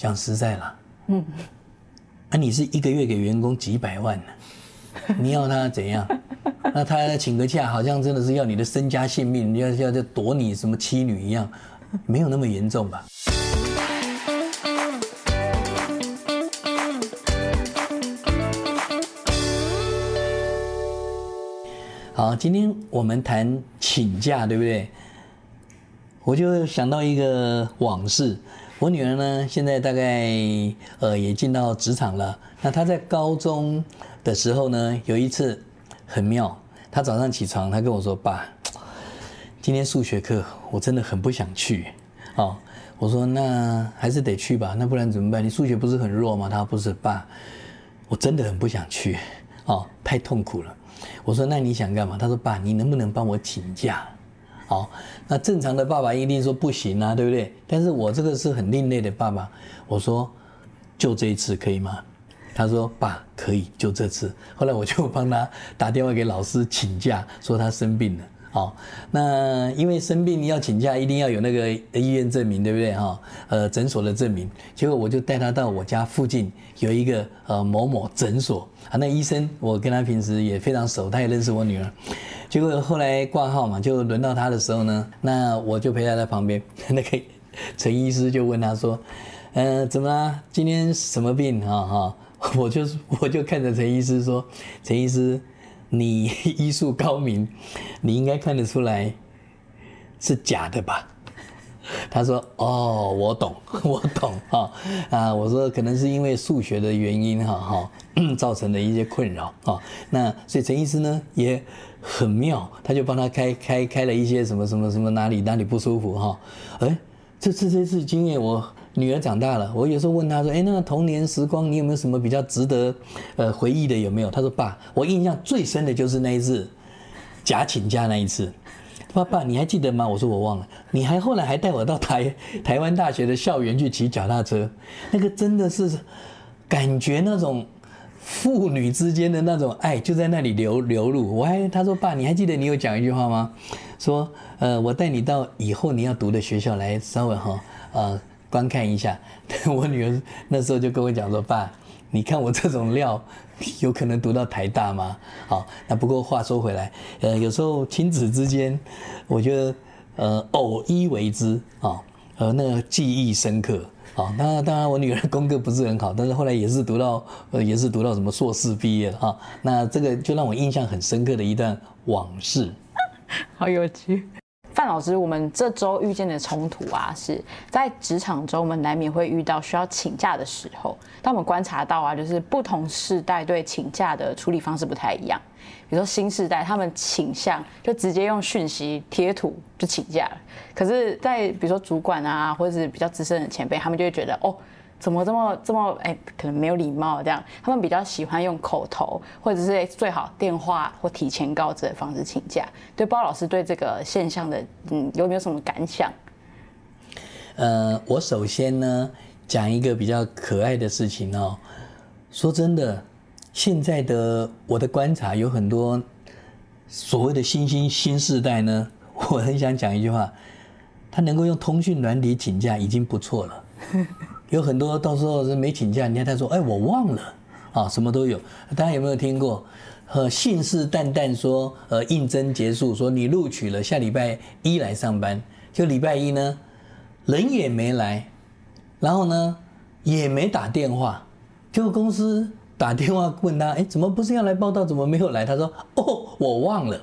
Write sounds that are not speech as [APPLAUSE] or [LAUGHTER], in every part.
講實在了，啊，嗯，那，啊、你是一個月給員工幾百萬呢，啊？你要他怎樣？ [LAUGHS] 那他要請個假，好像真的是要你的身家性命，要要要躲你什麼妻女一樣，沒有那麼嚴重吧？ [LAUGHS] 好，今天我們談請假，對不對？我就想到一個往事。我女兒呢，現在大概呃也進到職場了。那她在高中的時候呢，有一次很妙，她早上起床，她跟我說：“爸，今天數學課我真的很不想去。”哦，我說：“那還是得去吧，那不然怎麼辦？你數學不是很弱嗎？”她說不是，爸，我真的很不想去，哦，太痛苦了。我說：“那你想幹嘛？”她說：“爸，你能不能幫我請假？”好，那正常的爸爸一定說不行啊，對不對？但是我這個是很另類的爸爸，我說，就這一次可以嗎？他說，爸可以，就這次。後來我就幫他打電話給老師請假，說他生病了。好，那因為生病要請假，一定要有那個醫院證明，對不對？哈，呃，診所的證明。結果我就帶他到我家附近有一個呃某某診所啊，那醫生我跟他平時也非常熟，他也認識我女兒。結果後來掛號嘛，就輪到他的時候呢，那我就陪他在旁邊。那個陳醫師就問他說：“嗯、呃，怎麼啦？今天什麼病？”“哈哈。”我就我就看着陳醫師說：“陳醫師，你醫術高明，你應該看得出來是假的吧？”他說：“哦，我懂，我懂。”“哈啊！”我說：“可能是因為數學的原因。”“哈哈。”造成的一些困擾。啊，那所以陳醫師呢也。很妙，他就幫他開開開了一些什麼什麼什麼，哪裡哪裡不舒服哈、哦，哎、欸，這次這次經驗，我女兒長大了。我有時候問她說，哎、欸，那個童年時光你有沒有什麼比較值得呃，回憶的有沒有？她說爸，我印象最深的就是那一次假，請假那一次，爸爸你還記得嗎？我說我忘了，你還後來還帶我到台台灣大學的校園去騎腳踏車，那個真的是感覺那種。父女之間的那種愛就在那裡流流露。我還他說爸，你還記得你有講一句話嗎？說呃，我帶你到以後你要讀的學校來稍微哈呃，觀看一下。但我女兒那時候就跟我講說，爸，你看我這種料，有可能讀到台大嗎？好，那不過話說回來，呃，有時候親子之間，我覺得呃偶一為之啊、哦。呃，那個記憶深刻啊、哦。當然，當然，我女兒功課不是很好，但是後來也是讀到，呃，也是讀到什麼碩士畢業了啊、哦。那這個就讓我印象很深刻的一段往事， [LAUGHS] 好有趣。老師，我們這週遇見的衝突啊，是在職場中我們難免會遇到需要請假的時候。當我們觀察到啊，就是不同世代對請假的處理方式不太一樣。比如說新世代，他們傾向就直接用訊息貼圖就請假了。可是，在比如說主管啊，或者是比較資深的前輩，他們就會覺得哦。怎麼這麼這麼哎、欸，可能沒有禮貌這樣。他們比較喜歡用口頭，或者是、欸、最好電話或提前告知的方式請假。對包老師，對這個現象的，嗯，有沒有什麼感想？呃，我首先呢，講一個比較可愛的事情哦、喔。說真的，現在的我的觀察，有很多所謂的新新世代呢，我很想講一句話：他能夠用通訊軟體請假已經不錯了。 [LAUGHS] 有很多到時候是沒請假人家，你看他說：“哎，我忘了，啊、哦，什麼都有。”大家有沒有聽過？呃，信誓旦旦說，呃，應徵結束，說你錄取了，下禮拜一來上班。就禮拜一呢，人也沒來，然後呢也沒打電話。結果公司打電話問他：“哎，怎麼不是要來報到？怎麼沒有來？”他說：“哦，我忘了。”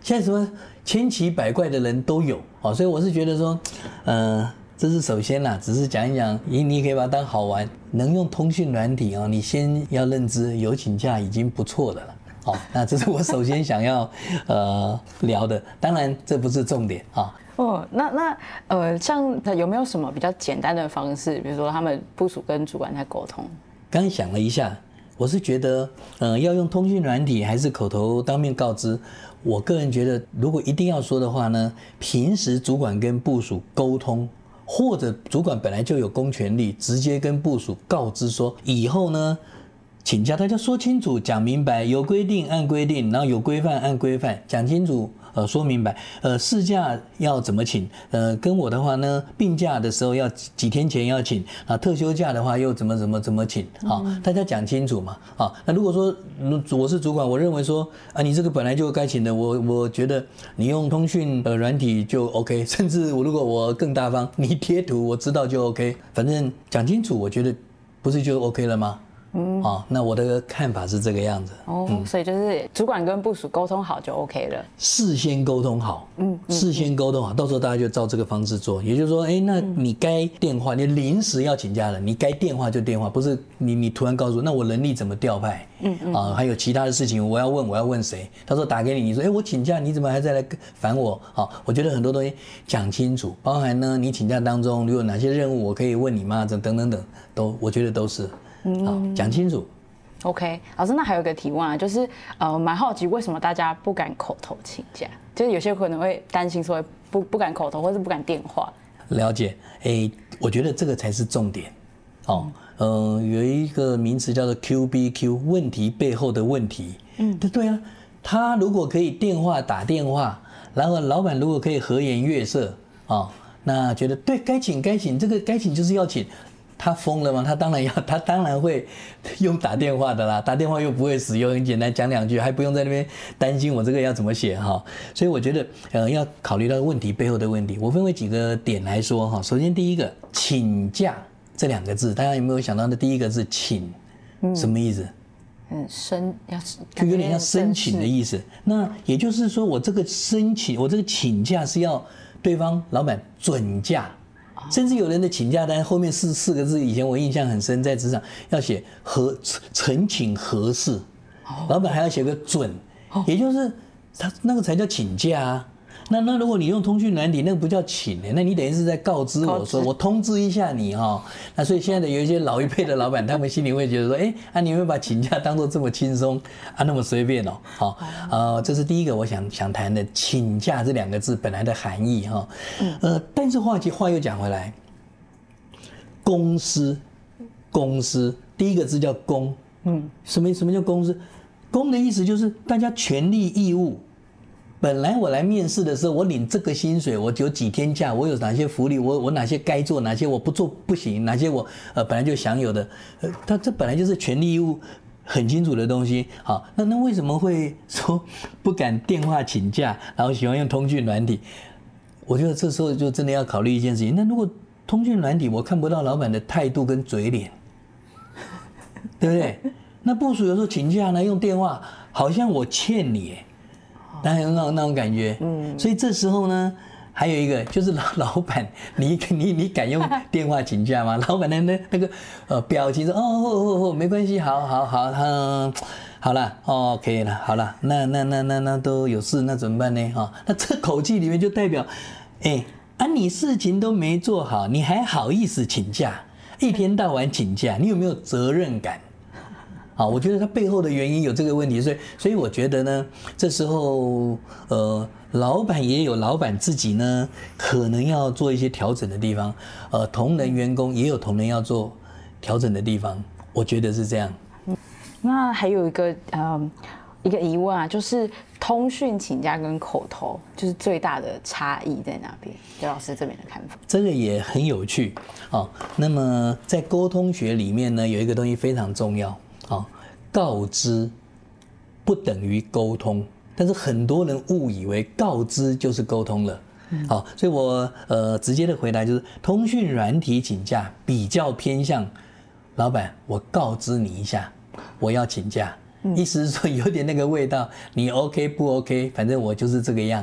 現在什麼千奇百怪的人都有啊、哦，所以我是覺得說，嗯、呃。這是首先啦，只是講一講，你你可以把它當好玩。能用通訊軟體啊、哦，你先要認知有請假已經不錯的了。好，那這是我首先想要， [LAUGHS] 呃，聊的。當然，這不是重點啊、哦。哦，那那呃，像他有沒有什麼比較簡單的方式？比如說，他們部屬跟主管在溝通。剛想了一下，我是覺得，呃，要用通訊軟體還是口頭當面告知？我個人覺得，如果一定要說的話呢，平時主管跟部屬溝通。或者主管本來就有公權力，直接跟部屬告知說：以後呢，請假大家說清楚、講明白，有規定按規定，然後有規範按規範，講清楚。呃，說明白，呃，事假要怎麼請？呃，跟我的話呢，病假的時候要幾天前要請啊，特休假的話又怎麼怎麼怎麼請？好、哦，大家講清楚嘛，好、哦，那如果說、呃、我是主管，我認為說啊、呃，你這個本來就該請的，我我覺得你用通訊的、呃、軟體就 OK，甚至我如果我更大方，你貼圖我知道就 OK，反正講清楚，我覺得不是就 OK 了嗎？嗯啊、哦，那我的看法是這個樣子哦、嗯，所以就是主管跟部屬溝通好就 OK 了，事先溝通好，嗯，事先溝通好、嗯，到時候大家就照這個方式做。也就是說，哎、欸，那你該電話，你臨時要請假了，你該電話就電話，不是你你突然告訴我，那我人力怎麼調派？嗯嗯，啊，還有其他的事情我，我要問我要問誰？他說打給你，你說哎、欸，我請假，你怎麼還在來煩我？好、哦，我覺得很多東西講清楚，包含呢，你請假當中，如果哪些任務我可以問你嗎？等等等等，都我覺得都是。講、嗯、清楚。OK，老師，那還有一個提問啊，就是呃，蠻好奇為什麼大家不敢口頭請假？就是有些可能會擔心說不不敢口頭，或是不敢電話。了解，哎、欸，我覺得這個才是重點。嗯、哦呃，有一個名詞叫做 Q B Q，問題背後的問題。嗯，對啊，他如果可以電話打電話，然後老闆如果可以和顏悅色啊、哦，那覺得對該請該請，這個該請就是要請。他瘋了嗎？他當然要，他當然會用打電話的啦。打電話又不會死，又很簡單，講兩句還不用在那邊擔心我這個要怎麼寫哈。所以我覺得，呃，要考慮到問題背後的問題。我分為幾個點來說哈。首先，第一個，請假這兩個字，大家有沒有想到的第一個字請、嗯，什麼意思？嗯，申要就有點像申請的意思。嗯、那也就是說，我這個申請，我這個請假是要對方老闆准假。甚至有人的請假單後面四四個字，以前我印象很深，在職場要寫“和”呈請何事，oh. 老板還要寫個“準”，也就是他那個才叫請假、啊。那那如果你用通訊軟體，那個不叫請呢、欸？那你等於是在告知我說，我通知一下你哈、喔。那所以現在的有一些老一輩的老板， [LAUGHS] 他們心裡會覺得說，哎、欸，啊你有沒有把請假當做這麼輕鬆啊，那麼隨便哦、喔。好、喔，呃，這是第一個我想想談的，請假這兩個字本來的含義哈、喔。呃，但是話題話又講回來，公司，公司第一個字叫公，嗯，什麼什麼叫公司？公的意思就是大家權利義務。本來我來面試的時候，我領這個薪水，我有幾天假，我有哪些福利，我我哪些該做，哪些我不做不行，哪些我呃本來就享有的，呃，他這本來就是權利義務很清楚的東西。好，那那為什麼會說不敢電話請假，然後喜歡用通訊軟體？我覺得這時候就真的要考慮一件事情。那如果通訊軟體，我看不到老板的態度跟嘴臉，對不對？那部屬有時候請假呢，用電話，好像我欠你。那那種那種感覺。嗯，所以這時候呢，還有一個就是老老闆，你你你敢用電話請假嗎？老闆的那那個、那個、呃表情說，哦吼吼、哦哦，沒關係，好，好，好，嗯，好了，哦，可以了，好了，那那那那那都有事，那怎麼辦呢？啊、哦，那這口氣裡面就代表，哎、欸，啊你事情都沒做好，你還好意思請假？一天到晚請假，你有沒有責任感？啊，我覺得他背後的原因有這個問題，所以所以我覺得呢，這時候呃，老闆也有老闆自己呢，可能要做一些調整的地方，呃，同仁員工也有同仁要做調整的地方，我覺得是這樣。那還有一個呃一個疑問啊，就是通訊請假跟口頭就是最大的差異在哪邊？范老師這邊的看法？這個也很有趣啊、哦。那麼在溝通學裡面呢，有一個東西非常重要。告知不等於溝通，但是很多人誤以為告知就是溝通了。嗯。好，所以我呃直接的回答就是，通訊軟體請假比較偏向老板，我告知你一下，我要請假，意思是說有點那個味道，你 OK 不 OK？反正我就是這個樣。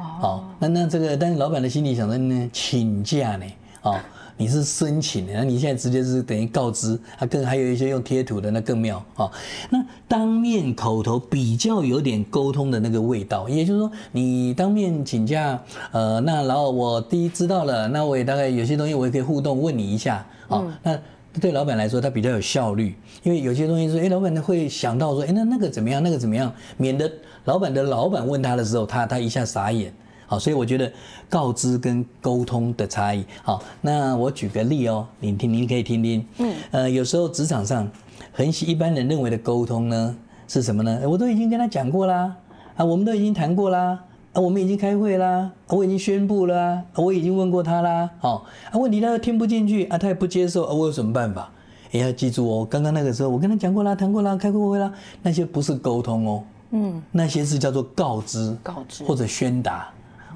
哦，好，那那這個，但是老板的心裡想着呢，請假呢，哦。你是申請的，那你現在直接是等於告知，啊更還有一些用貼圖的，那更妙啊、哦。那當面口頭比較有點溝通的那個味道，也就是說你當面請假，呃，那然後我第一知道了，那我也大概有些東西我也可以互動問你一下啊、哦。那對老闆來說他比較有效率，因為有些東西說，誒，老闆會想到說，誒，那那個怎麼樣，那個怎麼樣，免得老闆的老闆問他的時候，他他一下傻眼。好，所以我覺得告知跟溝通的差異。好，那我舉個例哦，您聽，您可以聽聽。嗯，呃，有時候職場上，很喜一般人認為的溝通呢，是什麼呢？欸、我都已經跟他講過啦，啊，我們都已經談過啦，啊，我們已經開會啦，啊，我已經宣布啦，我已經問過他啦。好，啊，問題他又聽不進去，啊，他也不接受，啊，我有什麼辦法？也、欸、要記住哦，剛剛那個時候我跟他講過啦，談過啦，開過會啦，那些不是溝通哦，嗯，那些是叫做告知，告知或者宣達。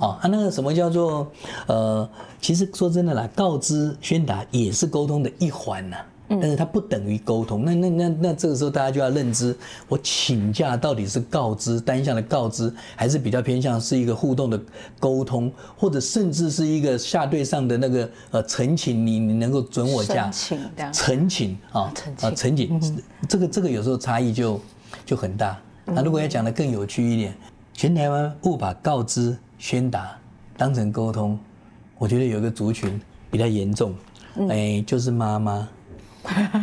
啊，那個什麼叫做，呃，其實說真的啦，告知宣達也是溝通的一環吶、啊嗯，但是它不等於溝通。那那那那這個時候大家就要認知，我請假到底是告知，單向的告知，還是比較偏向是一個互動的溝通，或者甚至是一個下對上的那個呃，陳請你，你能夠准我假，陳請這樣，陳請啊啊，請、啊啊嗯，這個這個有時候差異就就很大。那、啊、如果要講得更有趣一點，嗯、全台灣不把告知。宣達當成溝通，我覺得有一個族群比較嚴重，哎、嗯，就是媽媽，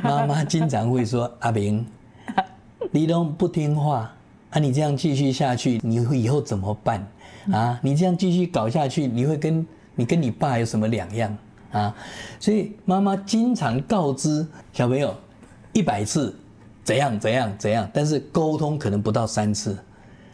媽媽經常會說 [LAUGHS] 阿明，你都不聽話，啊，你這樣繼續下去，你以後怎麼辦？啊，你這樣繼續搞下去，你會跟你，你跟你爸有什麼兩樣？啊，所以媽媽經常告知小朋友一百次怎樣怎樣怎樣，但是溝通可能不到三次。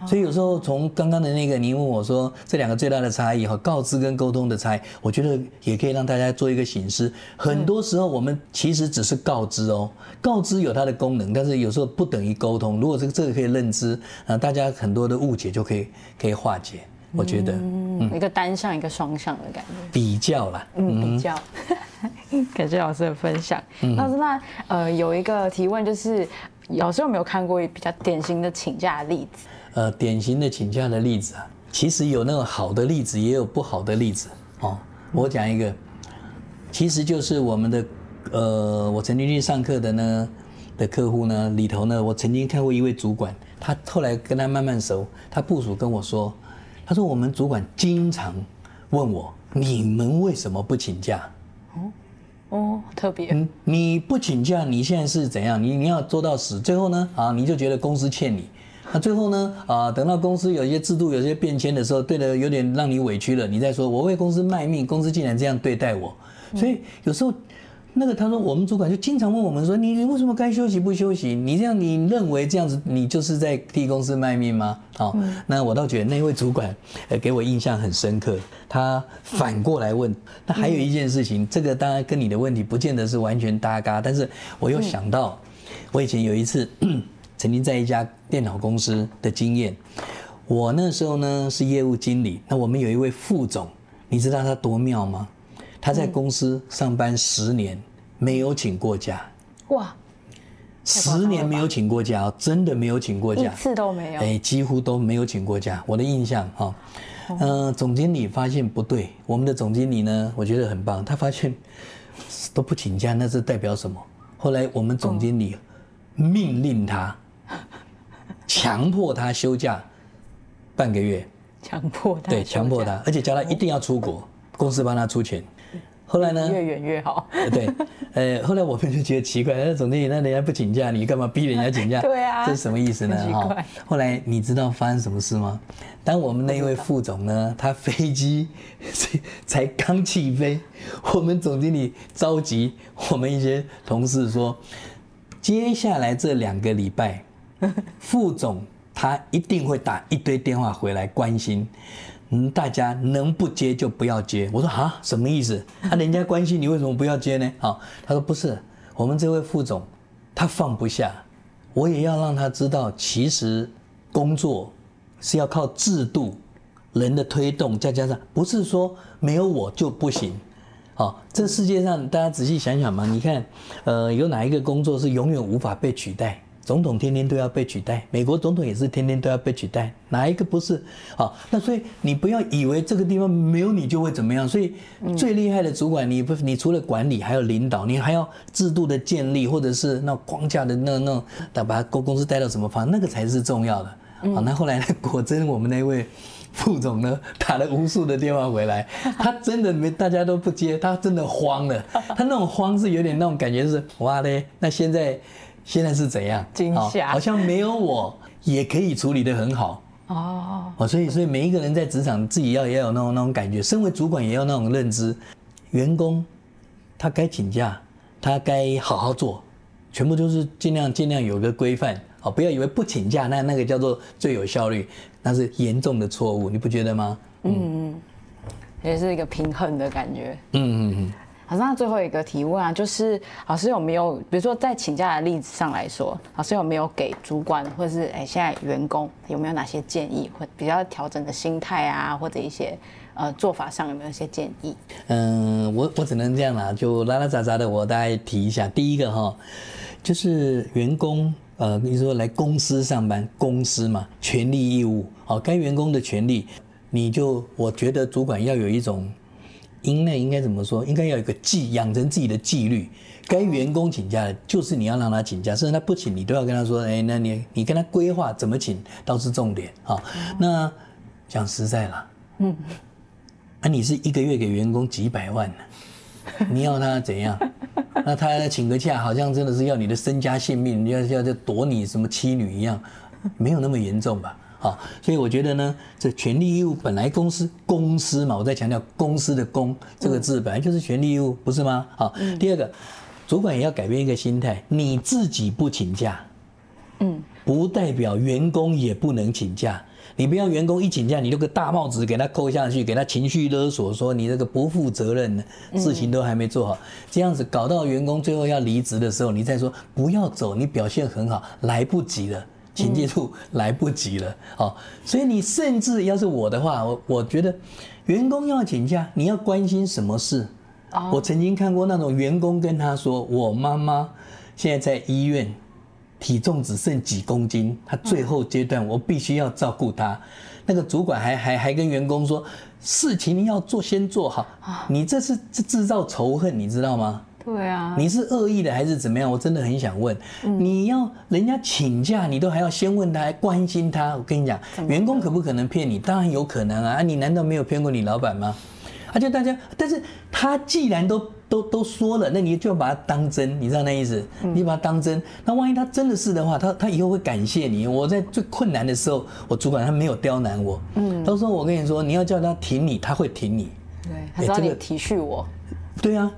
所以有時候從剛剛的那個，你問我說這兩個最大的差異和告知跟溝通的差異，我覺得也可以讓大家做一個省思。很多時候我們其實只是告知哦，告知有它的功能，但是有時候不等於溝通。如果這個這個可以認知啊，大家很多的誤解就可以可以化解。我覺得、嗯嗯、一個單向一個雙向的感覺比較啦嗯。嗯，比較。感謝老師的分享，嗯、老師那呃有一個提問就是。老師有沒有看過一比較典型的請假的例子？呃，典型的請假的例子啊，其實有那種好的例子，也有不好的例子。哦，我講一個，其實就是我們的，呃，我曾經去上課的呢的客戶呢裡頭呢，我曾經看過一位主管，他後來跟他慢慢熟，他部屬跟我說，他說，我們主管經常問我，你們為什麼不請假？哦、嗯。哦，特別。你不請假，你現在是怎樣？你你要做到死，最後呢，啊，你就覺得公司欠你。那、啊、最後呢，啊，等到公司有一些制度、有些變遷的時候，對的有點讓你委屈了，你再說我為公司賣命，公司竟然這樣對待我。所以有時候。嗯那個他說，我們主管就經常問我們說，你你為什麼該休息不休息？你這樣，你認為這樣子，你就是在替公司賣命嗎？好、嗯哦，那我倒覺得那位主管，給我印象很深刻。他反過來問，嗯、那還有一件事情、嗯，這個當然跟你的問題不見得是完全搭嘎，但是我又想到，嗯、我以前有一次 [COUGHS] 曾經在一家電腦公司的經驗，我那時候呢是業務經理，那我們有一位副總，你知道他多妙嗎？他在公司上班十年，嗯，沒有請過假，哇，十年沒有請過假哦？真的沒有請過假一次都沒有，哎，幾乎都沒有請過假。我的印象哈，嗯、哦呃，總經理發現不對，我們的總經理呢，我覺得很棒，他發現都不請假，那是代表什麼？後來我們總經理命令他，哦、強迫他休假半個月，強迫他，對，強迫他，而且叫他一定要出國，哦、公司幫他出錢。後來呢，越遠越好。 [LAUGHS] 對，呃，後來我們就覺得奇怪，那總經理，那人家不請假，你幹嘛逼人家請假？ [LAUGHS] 對啊，這是什麼意思呢？奇怪。後來你知道發生什麼事嗎？當我們那位副總呢，他飛機才剛起飛，我們總經理召集我們一些同事說，接下來這兩個禮拜，副總他一定會打一堆電話回來關心。我們、嗯、大家能不接就不要接。我說啊，什麼意思？那、啊、人家關心你，為什麼不要接呢？啊，他說不是，我們這位副總他放不下，我也要讓他知道，其實工作是要靠制度、人的推動，再加上不是說沒有我就不行。好，這世界上大家仔細想想嘛，你看，呃，有哪一個工作是永遠無法被取代？總統天天都要被取代，美國總統也是天天都要被取代，哪一個不是？好，那所以你不要以為這個地方沒有你就會怎麼樣。所以最厲害的主管你，你不你除了管理，還有領導，你還要制度的建立，或者是那框架的那那把把公公司帶到什麼方，那個才是重要的。好，那後來呢果真我們那位副總呢，打了無數的電話回來，他真的沒大家都不接，他真的慌了。他那種慌是有點那種感覺，就是哇嘞，那現在。現在是怎樣好？好像沒有我也可以處理得很好哦。哦，所以所以每一個人在職場自己也要也要有那種那種感覺，身為主管也要那種認知，員工，他該請假，他該好好做，全部都是盡量盡量有個規範。哦，不要以為不請假那那個叫做最有效率，那是嚴重的錯誤，你不覺得嗎？嗯嗯，也是一個平衡的感覺。嗯嗯嗯。嗯好，那最後一個提問啊，就是老師有沒有，比如說在請假的例子上來說，老師有沒有給主管或是哎、欸、現在員工有沒有哪些建議，或比較調整的心態啊，或者一些呃做法上有沒有一些建議？嗯，我我只能這樣啦，就拉拉雜雜的，我大概提一下。第一個齁，就是員工呃，你說來公司上班，公司嘛，權利義務，好、哦，該員工的權利，你就我覺得主管要有一種。應該應該怎麼說？應該要有一個紀，養成自己的紀律。該員工請假，就是你要讓他請假，甚至他不請，你都要跟他說：“哎，那你你跟他規劃怎麼請，倒是重點。嗯”哈。那講實在了，嗯，那、啊、你是一個月給員工幾百萬，你要他怎樣？ [LAUGHS] 那他請個假，好像真的是要你的身家性命，要要要奪你什麼妻女一樣，沒有那麼嚴重吧？好，所以我覺得呢，這權利義務本來公司公司嘛，我在強調公司的公這個字，本來就是權利義務，不是嗎？好、嗯，第二個，主管也要改變一個心態，你自己不請假，嗯，不代表員工也不能請假。你不要員工一請假，你就個大帽子給他扣下去，給他情緒勒索，說你這個不負責任的事情都還沒做好，這樣子搞到員工最後要離職的時候，你再說不要走，你表現很好，來不及了。請假都、嗯、來不及了，好、哦，所以你甚至要是我的話，我我覺得，員工要請假，你要關心什麼事？啊、哦，我曾經看過那種員工跟他說，我媽媽現在在醫院，體重只剩幾公斤，她最後階段，我必須要照顧她、嗯。那個主管還還還跟員工說，事情要做先做好，你這是制造仇恨，你知道嗎？哦對啊，你是惡意的還是怎麼樣？我真的很想問，嗯、你要人家請假，你都還要先問他，還關心他。我跟你講，員工可不可能騙你？當然有可能啊！啊你難道沒有騙過你老闆嗎？而、啊、且大家，但是他既然都都都說了，那你就把他當真，你知道那意思？嗯、你把他當真，那萬一他真的是的話，他他以後會感謝你。我在最困難的時候，我主管他沒有刁難我，嗯，到時候我跟你說，你要叫他挺你，他會挺你。對，他真的體恤我。對啊。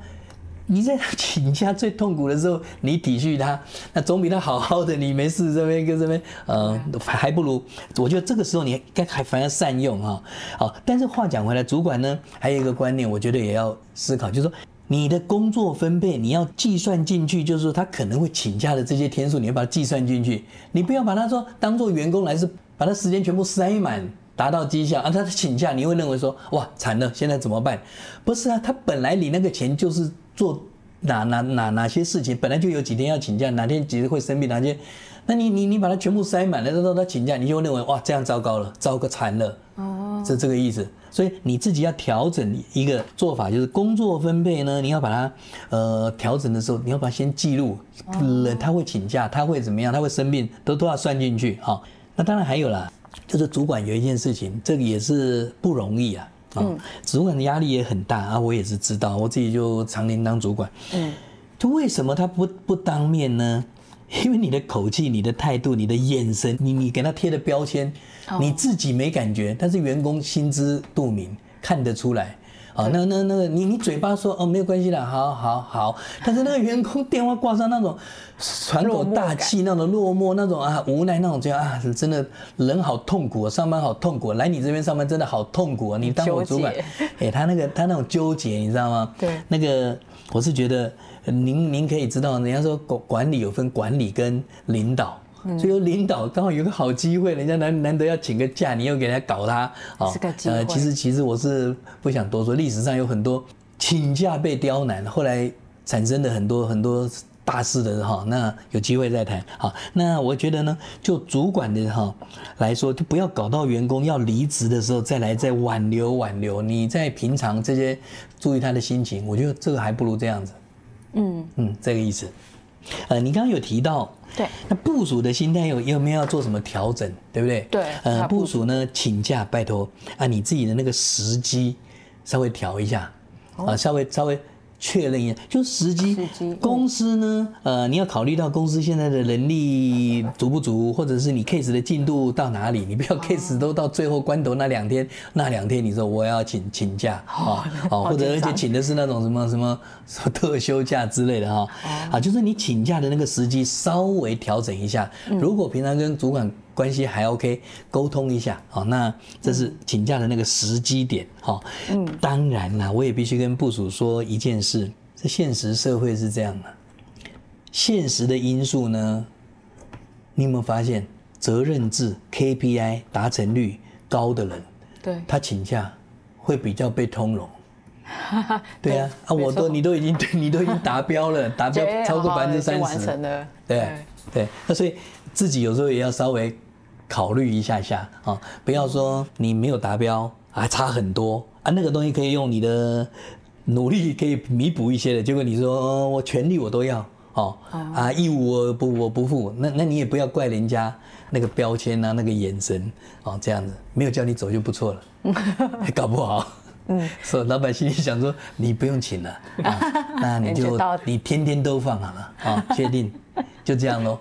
你在他請假最痛苦的時候，你體恤他，那總比他好好的，你沒事這邊跟這邊，嗯、呃，還不如。我覺得這個時候你該還，還，還反而善用啊，好、哦。但是話講回來，主管呢還有一個觀念，我覺得也要思考，就是說你的工作分配你要計算進去，就是說他可能會請假的這些天數，你要把它計算進去。你不要把他說當做員工來是，把他時間全部塞滿，達到績效啊。他請假，你會認為說哇慘了，現在怎麼辦？不是啊，他本來領那個錢就是。做哪哪哪哪些事情，本來就有幾天要請假，哪天幾日會生病，哪天，那你你你把它全部塞滿了，到都他請假，你就會認為哇，這樣糟糕了，糟糕慘了，哦，是這個意思。所以你自己要調整一個做法，就是工作分配呢，你要把它呃調整的時候，你要把它先記錄，人他會請假，他會怎麼樣，他會生病，都都要算進去哈、哦。那當然還有啦，就是主管有一件事情，這個也是不容易啊。嗯，主管的壓力也很大啊，我也是知道，我自己就常年當主管。嗯，就為什麼他不不當面呢？因為你的口氣、你的態度、你的眼神，你你給他貼的標籤，你自己沒感覺，但是員工心知肚明，看得出來。哦，那那那個你你嘴巴說，哦，沒有關係啦，好好好，但是那個員工電話掛上那種，喘口大氣那種落寞那種啊無奈那種叫啊，是真的人好痛苦啊，上班好痛苦啊，來你這邊上班真的好痛苦啊，你當我主管，哎、欸、他那個他那種糾結你知道嗎？對，那個我是覺得您您可以知道，人家說管管理有分管理跟領導。所以說領導剛好有個好機會，人家難難得要請個假，你又給他搞他啊？呃、這個，其實其實我是不想多說，歷史上有很多請假被刁難，後來產生的很多很多大事的哈。那有機會再談。好，那我覺得呢，就主管的哈來說，就不要搞到員工要離職的時候再來再挽留挽留。你在平常這些注意他的心情，我覺得這個還不如這樣子。嗯嗯，這個意思。呃，你剛剛有提到。對，那部屬的心態有有沒有要做什麼調整，對不對？對，呃，部屬呢，請假拜托啊，你自己的那個時機稍微調一下，啊、哦，稍微稍微。確認一下，就時機。時機公司呢、嗯，呃，你要考慮到公司現在的能力足不足，或者是你 case 的進度到哪裡？你不要 case 都到最後關頭那兩天，哦、那兩天你說我要請請假啊、哦，哦，或者而且請的是那種什麼什麼什麼特休假之類的哈、哦哦，啊，就是你請假的那個時機稍微調整一下。嗯、如果平常跟主管。關係還 OK，溝通一下。好，那這是請假的那個時機點。好，嗯，當然啦，我也必須跟部屬說一件事。這現實社會是這樣的，現實的因素呢，你有沒有發現，責任制 KPI 達成率高的人，對，他請假會比較被通融。 [LAUGHS] 對呀，對啊，我都你都已經對你都已經達標了，達標超過百分之三十，完成了。對對，那所以自己有時候也要稍微。考慮一下下啊，不要說你沒有達標，還、啊、差很多啊，那個東西可以用你的努力可以彌補一些的。結果你說、哦、我權利我都要哦，啊義務我不我不負，那那你也不要怪人家那個標籤啊，那個眼神啊，這樣子沒有叫你走就不錯了， [LAUGHS] 搞不好嗯 [LAUGHS] 所以老闆心裡想說你不用請了， [LAUGHS] 啊、那你就你天天都放好了啊，確定。就這樣嘍，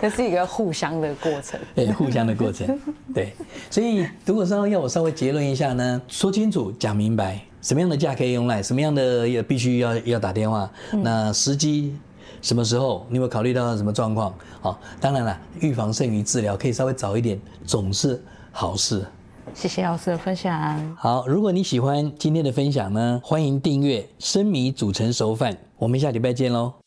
這是一個互相的過程， [LAUGHS] 對，互相的過程，對，所以如果說要，要我稍微結論一下呢，說清楚、講明白，什麼樣的假可以用 Line，什麼樣的也必須要要打電話，嗯、那時機什麼時候，你有考慮到什麼狀況？好，當然了，預防勝於治療，可以稍微早一點，總是好事。謝謝老師的分享。好，如果你喜歡今天的分享呢，歡迎訂閱《生米煮成熟飯》，我們下禮拜見嘍。